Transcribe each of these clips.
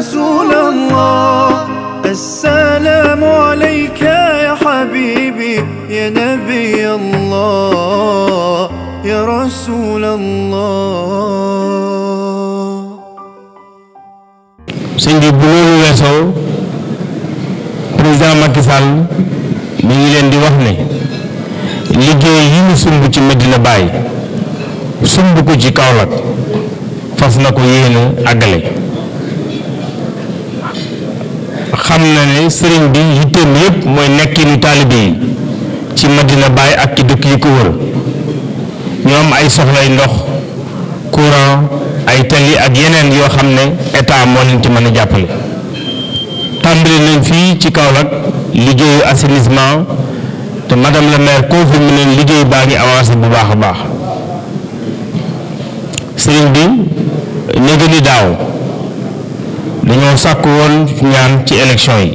رسول الله السلام عليك يا حبيبي يا نبي الله يا رسول الله سيدي بلول ويسو président Macky Sall mi ngi leen di wax ne liggéey yi ñu sumb ci Medina Baye sumb ko ci Kaolack fas na ko yéene àggale xam na ni sëriñ bi yitteem yépp mooy nekkinu taalibe yi ci Madina Baye ak ci dëkk yi ko wër ñoom ay soxlay ndox courant ay tali ak yeneen yoo xam ne état moo leen ci mën a jàppale tàmbali nañ fii ci kaw Kaolack liggéeyu assainissement te madame la maire confirme leen liggéey baa ngi avancé bu baax a baax sëriñ bi néega ni daaw dañoo sàkk woon ñaan ci élection yi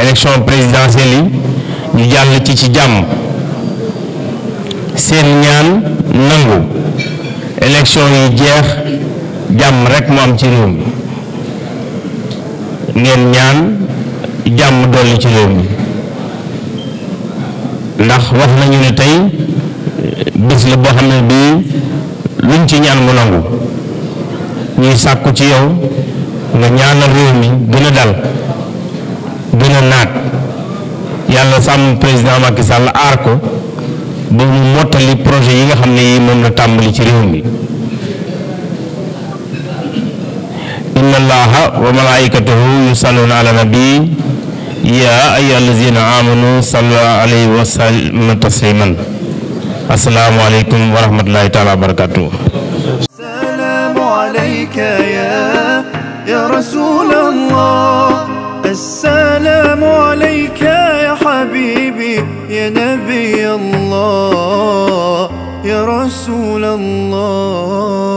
élection présidentielle yi ñu jàll ci ci jàmm seen ñaan nangu élection yi jeex jàmm rek mu ci réew mi ngeen ñaan jàmm dolli ci réew mi ndax wax nañu ne tey bis la boo xam ne bii luñ ci ñaan mu nangu ñuy sàkku ci yow nga ñaanal réew mi gën dal gën naat yàlla sàmm président Macky sàll aar ba mu mottali projet yi nga xam ne yi moom la tàmbali ci réew mi inna allaha wa malaikatahu yusalluna ala nabi ya ayyuha allazina wa sallimu tasliman assalaamu aleykum wa rahmatullahi taala wa barakatuh رسول الله السلام عليك يا حبيبي يا نبي الله يا رسول الله